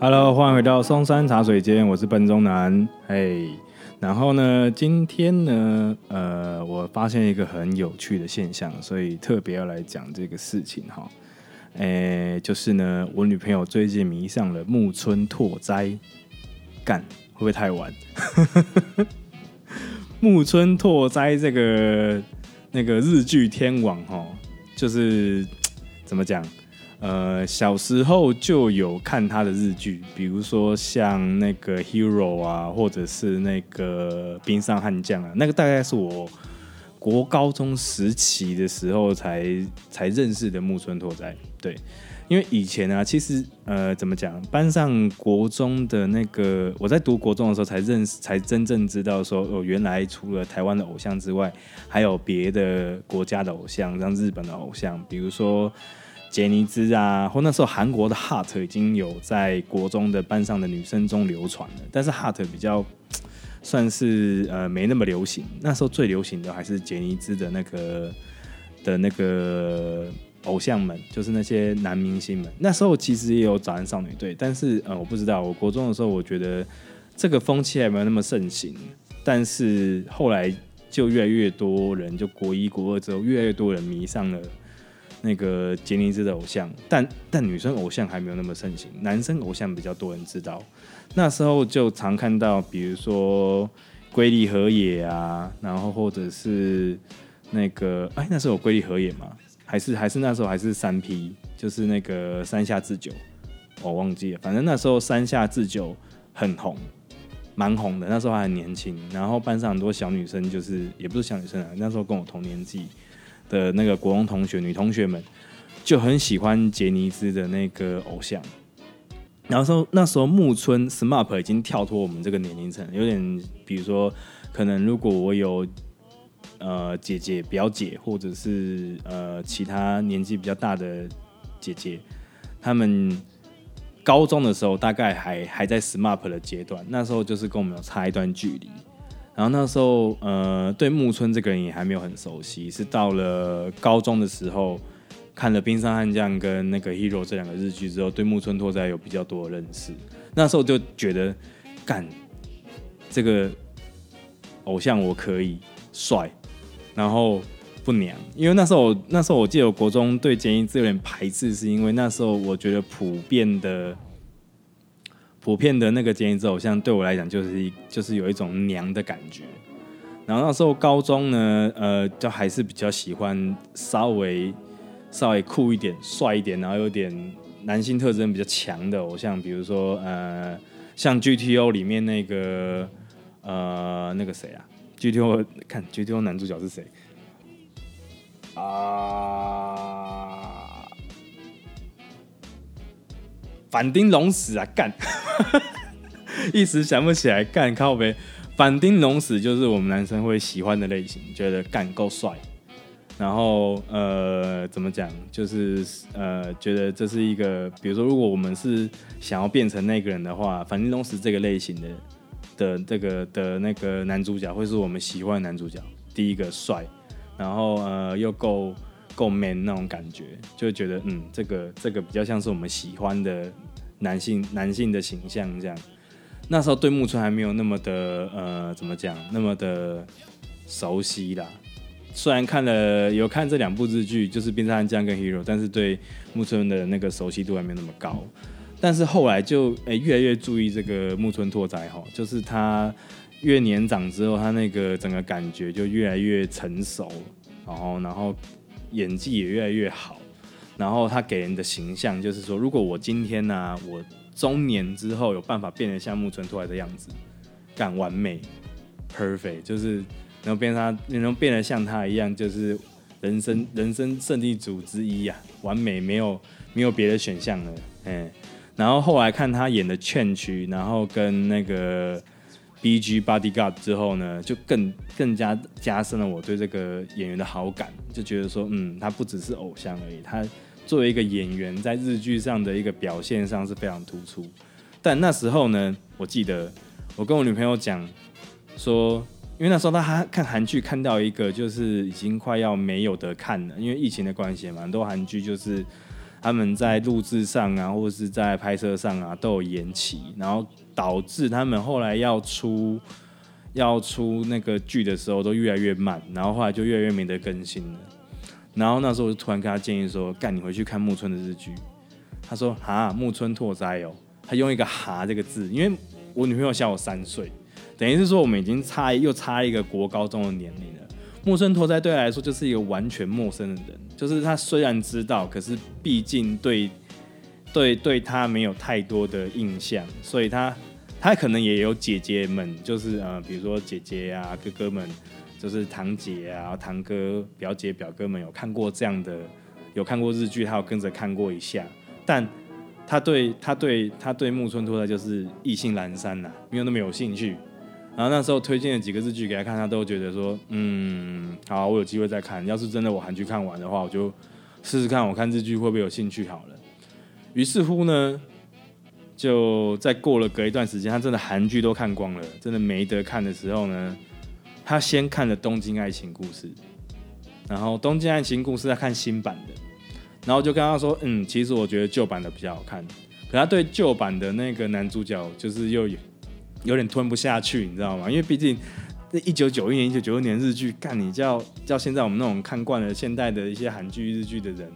Hello，歡迎回到松山茶水間，我是笨中南。哎、hey,，然後呢，今天呢，呃，我發現一個很有趣的現象，所以特別要來講這個事情哈、哦。誒，就是呢，我女朋友最近迷上了木村拓哉，幹會不會太晚？木 村拓哉這個。那個日劇天王哦，就是怎麼講？呃，小時候就有看他的日劇，比如說像那個《Hero》啊，或者是那個《冰上悍將》啊，那個大概是我國高中時期的時候才才認識的木村拓哉，對。因為以前啊，其實呃，怎麼講？班上國中的那個，我在讀國中的時候才認識，才真正知道說，哦、呃，原來除了台灣的偶像之外，還有別的國家的偶像，像日本的偶像，比如說傑尼斯啊，或那時候韓國的 H.O.T. 已經有在國中的班上的女生中流傳了，但是 H.O.T. 比較算是呃沒那麼流行，那時候最流行的還是傑尼斯的那個的那個。偶像們就是那些男明星們。那時候其實也有早安少女隊，但是呃，我不知道。我國中的時候，我覺得這個風氣還沒有那麼盛行。但是後來就越來越多人，就國一國二之後，越來越多人迷上了那個傑尼斯的偶像。但但女生偶像還沒有那麼盛行，男生偶像比較多人知道。那時候就常看到，比如說龜梨和也啊，然後或者是那個哎、欸，那時候有龜梨和也嗎？還是還是那時候還是三 P，就是那個山下智久，我忘記了，反正那時候山下智久很紅，蠻紅的。那時候還很年輕，然後班上很多小女生，就是也不是小女生啊，那時候跟我同年紀的那個國中同學女同學們，就很喜歡傑尼斯的那個偶像。然後那時候木村 SMAP 已經跳脫我們這個年齡層，有點，比如說，可能如果我有。呃，姐姐、表姐，或者是呃其他年紀比較大的姐姐，他們高中的時候大概還還在 SMAP 的階段，那時候就是跟我們有差一段距離。然後那時候，呃，對木村這個人也還沒有很熟悉，是到了高中的時候，看了《冰上悍將》跟那個《Hero》這兩個日劇之後，對木村拓哉有比較多的認識。那時候就覺得，幹，這個偶像我可以帥。然後不娘，因為那時候，那時候我記得我國中對傑尼斯有點排斥，是因為那時候我覺得普遍的、普遍的那個傑尼斯偶像對我來講就是，就是有一種娘的感覺。然後那時候高中呢，呃，就還是比較喜歡稍微，稍微酷一點、帥一點，然後有點男性特徵比較強的偶像，比如說呃，像 GTO 裡面那個呃，那個誰啊？GTO 看 GTO 男主角是誰？啊，反町隆史啊，幹！ 一時想不起來，幹靠北。反町隆史就是我們男生會喜歡的類型，覺得幹夠帥。然後呃，怎麼講？就是呃，覺得這是一個，比如說，如果我們是想要變成那個人的話，反町隆史這個類型的。的這個的那個男主角會是我們喜歡的男主角，第一個帥，然後呃又夠夠 man 那種感覺，就覺得嗯，這個這個比較像是我們喜歡的男性男性的形象這樣。那時候對木村還沒有那麼的呃怎麼講那麼的熟悉啦，雖然看了有看這兩部日劇，就是《冰上悍將》跟《Hero》，但是對木村的那個熟悉度還沒有那麼高。但是後來就誒、欸，越來越注意這個木村拓哉哈、喔，就是他越年長之後，他那個整個感覺就越來越成熟，然後然後演技也越來越好，然後他給人的形象就是說，如果我今天呢、啊，我中年之後有辦法變得像木村拓哉的樣子，幹完美 perfect，就是能變成他，能變得像他一樣，就是人生人生勝利組之一呀、啊，完美沒有沒有別的選項了，嗯、欸。然後後來看他演的《Change》然後跟那個 BG Bodyguard 之後呢，就更更加加深了我對這個演員的好感，就覺得說，嗯，他不只是偶像而已，他作為一個演員，在日劇上的一個表現上是非常突出。但那時候呢，我記得我跟我女朋友講說，因為那時候他還看韓劇看到一個，就是已經快要沒有得看了，因為疫情的關係嘛，很多韓劇就是。他們在錄製上啊，或者是在拍攝上啊，都有延期，然後導致他們後來要出要出那個劇的時候都越來越慢，然後後來就越來越沒得更新了。然後那時候我就突然跟他建議說：“趕緊回去看木村的日劇。”他說：“蛤，木村拓哉哦。”他用一個“蛤”這個字，因為我女朋友小我三歲，等於是說我們已經差又差一個國高中的年齡了。木村拓哉對他來說就是一個完全陌生的人，就是他雖然知道，可是畢竟對對對他沒有太多的印象，所以他他可能也有姐姐們，就是呃，比如說姐姐啊、哥哥們，就是堂姐啊、堂哥、表姐、表哥們有看過這樣的，有看過日劇，還有跟着看過一下，但他對他對他對木村拓哉就是意興闌珊吶、啊，沒有那麼有興趣。然後那時候推薦了幾個日劇給他看，他都覺得說，嗯，好，我有機會再看。要是真的我韓劇看完的話，我就試試看我看日劇會不會有興趣好了。於是乎呢，就再過了隔一段時間，他真的韓劇都看光了，真的沒得看的時候呢，他先看了《東京愛情故事》，然後《東京愛情故事》他看新版的，然後就跟他說，嗯，其實我覺得舊版的比較好看。可他對舊版的那個男主角就是又有。有點吞不下去，你知道嗎？因為畢竟那一九九一年、一九九六年的日劇，幹你叫叫現在我們那種看慣了現代的一些韓劇、日劇的人，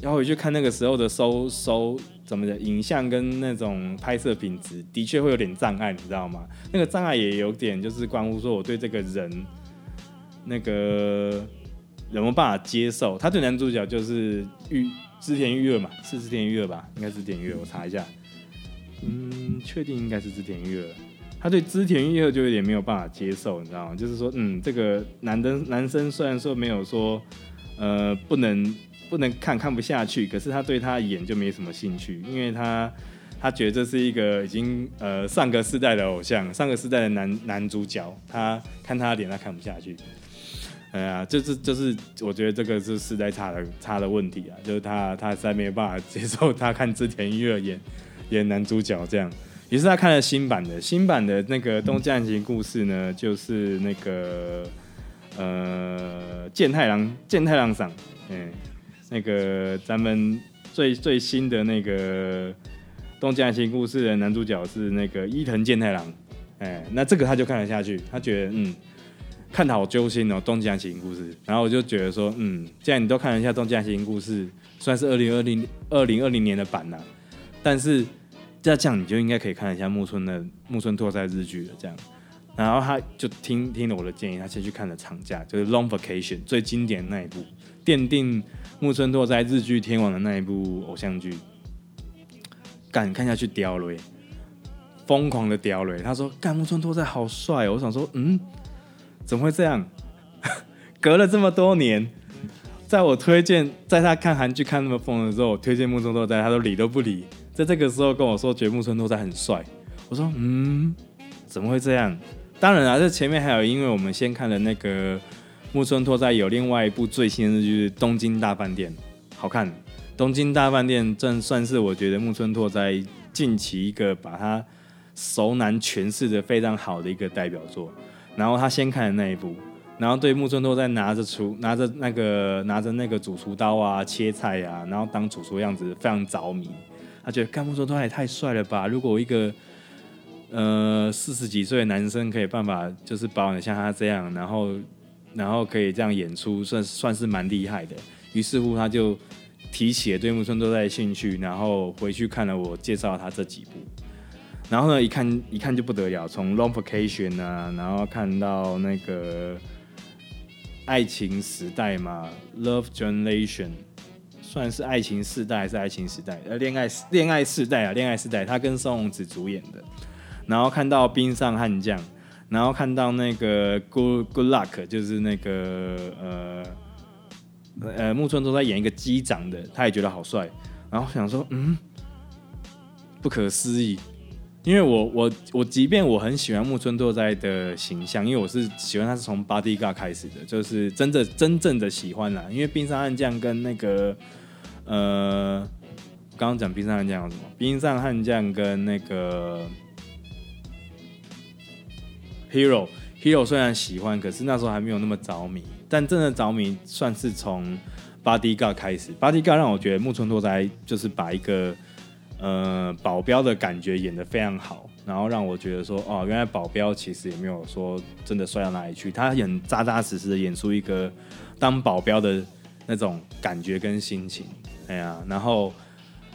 然後回去看那個時候的收收怎麼的影像跟那種拍攝品質，的確會有點障礙，你知道嗎？那個障礙也有點就是關乎說我對這個人，那個人有沒有辦法接受？他對男主角就是玉織田裕二，裕二嘛，是織田裕二吧？應該是織田裕二，我查一下。嗯嗯，確定應該是織田裕二。他對織田裕二就有點沒有辦法接受，你知道嗎？就是說，嗯，這個男的男生雖然說沒有說，呃，不能不能看看不下去，可是他對他演就沒什麼興趣，因為他他覺得這是一個已經呃上個世代的偶像，上個世代的男男主角，他看他臉他看不下去，哎呀、啊，就是就是我覺得這個是世代差的差的問題啊，就是他他實在沒有辦法接受他看織田裕二演。演男主角這樣，於是他看了新版的，新版的那個《東京愛情故事》呢、嗯，就是那個呃，健太郎，健太郎桑，嗯、欸，那個咱們最最新的那個《東京愛情故事》的男主角是那個伊藤健太郎，哎、欸，那這個他就看了下去，他覺得嗯，看得好揪心哦、喔，《東京愛情故事》，然後我就覺得說，嗯，既然你都看了一下《東京愛情故事》，雖然是二零二零二零二零年的版啦，但是這樣這樣，你就應該可以看一下木村的木村拓哉日劇了。這樣，然後他就聽聽了我的建議，他先去看了長假，就是《Long Vacation》最經典的那一部，奠定木村拓哉日劇天王的那一部偶像劇。幹看下去屌了，瘋狂的屌了。他說：“幹木村拓哉好帥哦。”我想說：“嗯，怎麼會這樣？ 隔了這麼多年，在我推薦，在他看韓劇看那麼瘋的時候，我推薦木村拓哉，他都理都不理。”在這個時候跟我說，覺得木村拓哉很帥。我說，嗯，怎麼會這樣？當然啊，這前面還有，因為我們先看了那個木村拓哉有另外一部最新的，就是《東京大飯店》，好看。《東京大飯店》正算是我覺得木村拓哉近期一個把他熟男詮釋的非常好的一個代表作。然後他先看了那一部，然後對木村拓哉拿着廚拿着那個拿着那個主廚刀啊、切菜啊，然後當主廚樣子非常着迷。他覺得幹木村拓哉也太帥了吧！如果一個，呃，四十幾歲的男生可以辦法，就是保養像他這樣，然後，然後可以這樣演出，算算是蠻厲害的。於是乎，他就提起了對木村拓哉的興趣，然後回去看了我介紹他這幾部，然後呢，一看一看就不得了，從《Long Vacation》啊，然後看到那個《愛情時代》嘛，《Love Generation》。算是愛情世代還是愛情時代？呃，戀愛戀愛世代啊，戀愛世代，他跟松隆子主演的，然後看到《冰上悍將》，然後看到那個 Good Good Luck，就是那個呃呃木村拓哉演一個機長的，他也覺得好帥，然後想說嗯，不可思議，因為我我我即便我很喜歡木村拓哉的形象，因為我是喜歡他是從 bodyguard 開始的，就是真的真正的喜歡啦，啊，因為《冰上悍將》跟那個。呃，剛剛講《冰上悍將》有什麼？《冰上悍將》跟那個 Hero Hero 雖然喜歡，可是那時候還沒有那麼着迷。但真的着迷，算是從 BODYGUARD 開始。BODYGUARD 讓我覺得木村拓哉就是把一個呃保鏢的感覺演的非常好，然後讓我覺得說，哦，原來保鏢其實也沒有說真的帥到哪裡去。他演扎扎實實的演出一個當保鏢的那種感覺跟心情。哎呀、啊，然後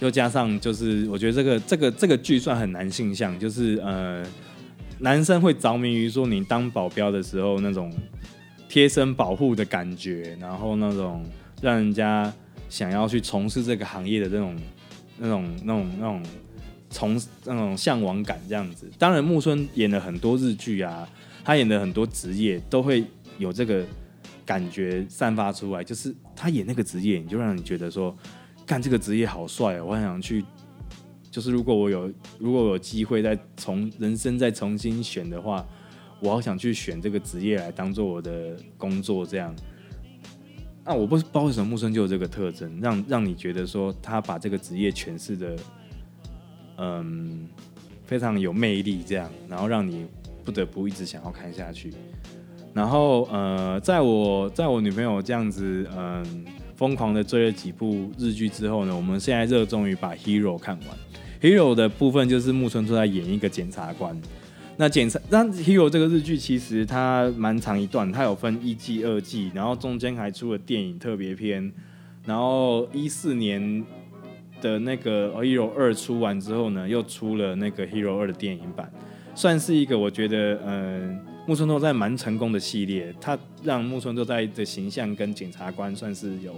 又加上就是，我覺得這個這個這個劇算很男性向，就是呃，男生會着迷於說你當保鏢的時候那種貼身保護的感覺，然後那種讓人家想要去從事這個行業的這種、那種、那種、那種、那種從那種嚮往感這樣子。當然，木村演了很多日劇啊，他演的很多職業都會有這個感覺散發出來，就是他演那個職業，你就讓你覺得說。看這個職業好帥、哦，我很想去。就是如果我有如果我有機會再從人生再重新選的話，我好想去選這個職業來當做我的工作。這樣，那、啊、我不不知道為什麼木生就有這個特徵，讓讓你覺得說他把這個職業詮釋得，嗯，非常有魅力。這樣，然後讓你不得不一直想要看下去。然後呃，在我在我女朋友這樣子，嗯。瘋狂的追了幾部日劇之後呢，我們現在熱衷於把《Hero》看完。《Hero》的部分就是木村出來演一個檢察官。那檢查、那《Hero》這個日劇其實它蠻長一段，它有分一季、二季，然後中間還出了電影特別篇。然後一四年的那個《Hero》二出完之後呢，又出了那個《Hero》二的電影版，算是一個我覺得嗯。木村拓哉蠻成功的系列，他讓木村拓哉的形象跟檢察官算是有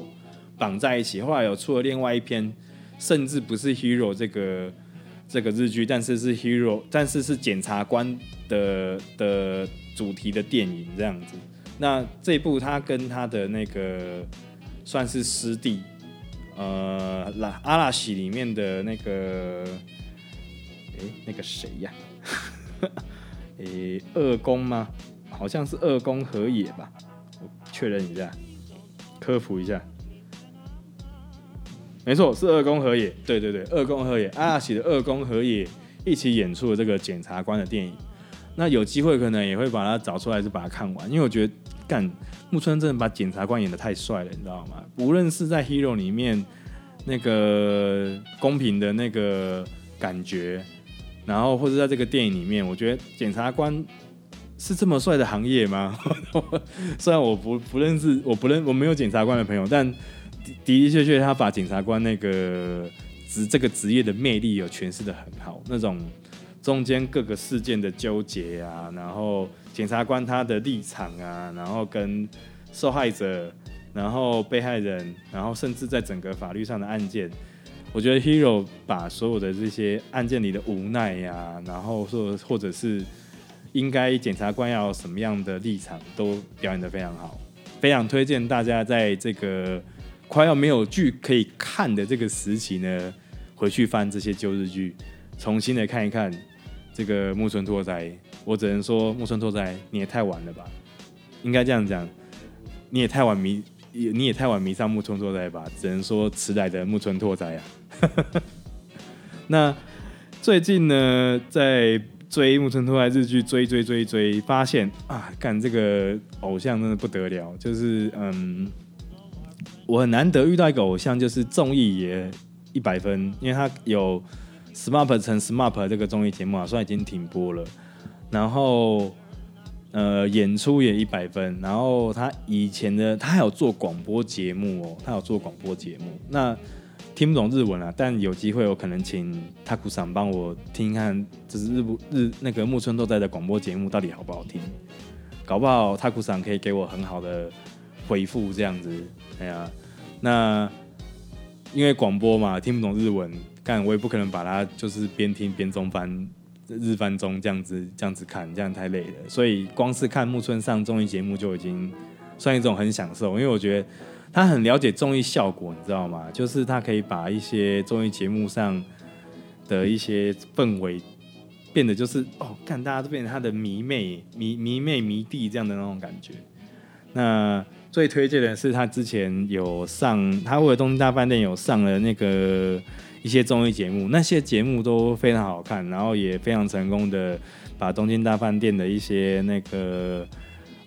綁在一起。後來有出了另外一篇，甚至不是 hero 這個這個日劇，但是是 hero，但是是檢察官的的主題的電影這樣子。那這部他跟他的那個算是師弟，呃，阿拉西裡面的那個，哎、欸，那個誰呀、啊？ 誒、欸，二宮嗎？好像是二宮和也吧，我確認一下，科普一下，沒錯，是二宮和也，對對對，二宮和也，阿喜的二宮和也一起演出了這個檢察官的電影，那有機會可能也會把它找出來，就把它看完，因為我覺得幹木村真的把檢察官演得太帥了，你知道嗎？無論是在 Hero 裡面那個公平的那個感覺。然後或者在這個電影裡面，我覺得檢察官是這麼帥的行業嗎？ 雖然我不不認識，我不認我沒有檢察官的朋友，但的的確確他把檢察官那個職這個職業的魅力有詮釋得很好。那種中間各個事件的糾結啊，然後檢察官他的立場啊，然後跟受害者，然後被害人，然後甚至在整個法律上的案件。我覺得 Hero 把所有的這些案件裡的無奈呀、啊，然後說或者是應該檢察官要什麼樣的立場，都表演得非常好。非常推薦大家在這個快要沒有劇可以看的這個時期呢，回去翻這些舊日劇，重新的看一看這個木村拓哉。我只能說木村拓哉，你也太晚了吧？應該這樣講，你也太晚迷，你也太晚迷上木村拓哉吧？只能說遲來的木村拓哉啊。 那最近呢，在追木村拓哉日劇，追追追追，發現啊，幹這個偶像真的不得了，就是嗯，我很難得遇到一個偶像，就是綜藝也一百分，因為他有 SMAP 乘 SMAP 這個綜藝節目啊，雖然已經停播了，然後呃，演出也一百分，然後他以前的他還有做廣播節目哦、喔，他有做廣播節目，那。聽不懂日文啊，但有機會我可能請太鼓賞幫我聽一看，就是日不日那個木村拓哉的廣播節目到底好不好聽，搞不好太鼓賞可以給我很好的回復這樣子。哎呀、啊，那因為廣播嘛，聽不懂日文，但我也不可能把它就是邊聽邊中翻日翻中這樣子這樣子看，這樣太累了，所以光是看木村上綜藝節目就已經算一種很享受，因為我覺得。他很了解綜藝效果，你知道嗎？就是他可以把一些綜藝節目上的一些氛圍變得，就是哦，看大家都變成他的迷妹、迷迷妹、迷弟這樣的那種感覺。那最推薦的是他之前有上，他為了東京大飯店有上了那個一些綜藝節目，那些節目都非常好看，然後也非常成功的把東京大飯店的一些那個。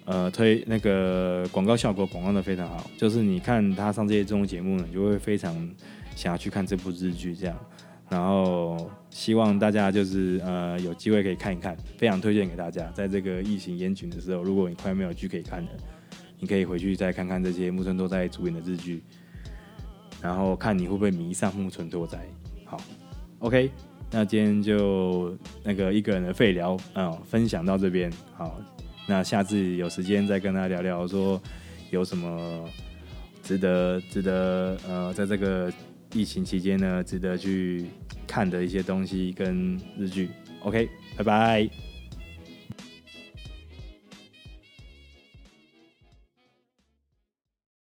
呃，推那個廣告效果，廣告的非常好，就是你看他上這些綜藝節目呢，你就會非常想要去看這部日劇這樣。然後希望大家就是呃有機會可以看一看，非常推薦給大家。在這個疫情嚴峻的時候，如果你快沒有劇可以看了，你可以回去再看看這些木村拓哉主演的日劇，然後看你會不會迷上木村拓哉。好，OK，那今天就那個一個人的廢聊，啊、呃，分享到這邊好。那下次有時間再跟他聊聊，說有什麼值得、值得呃，在這個疫情期間呢，值得去看的一些東西跟日劇。OK，拜拜。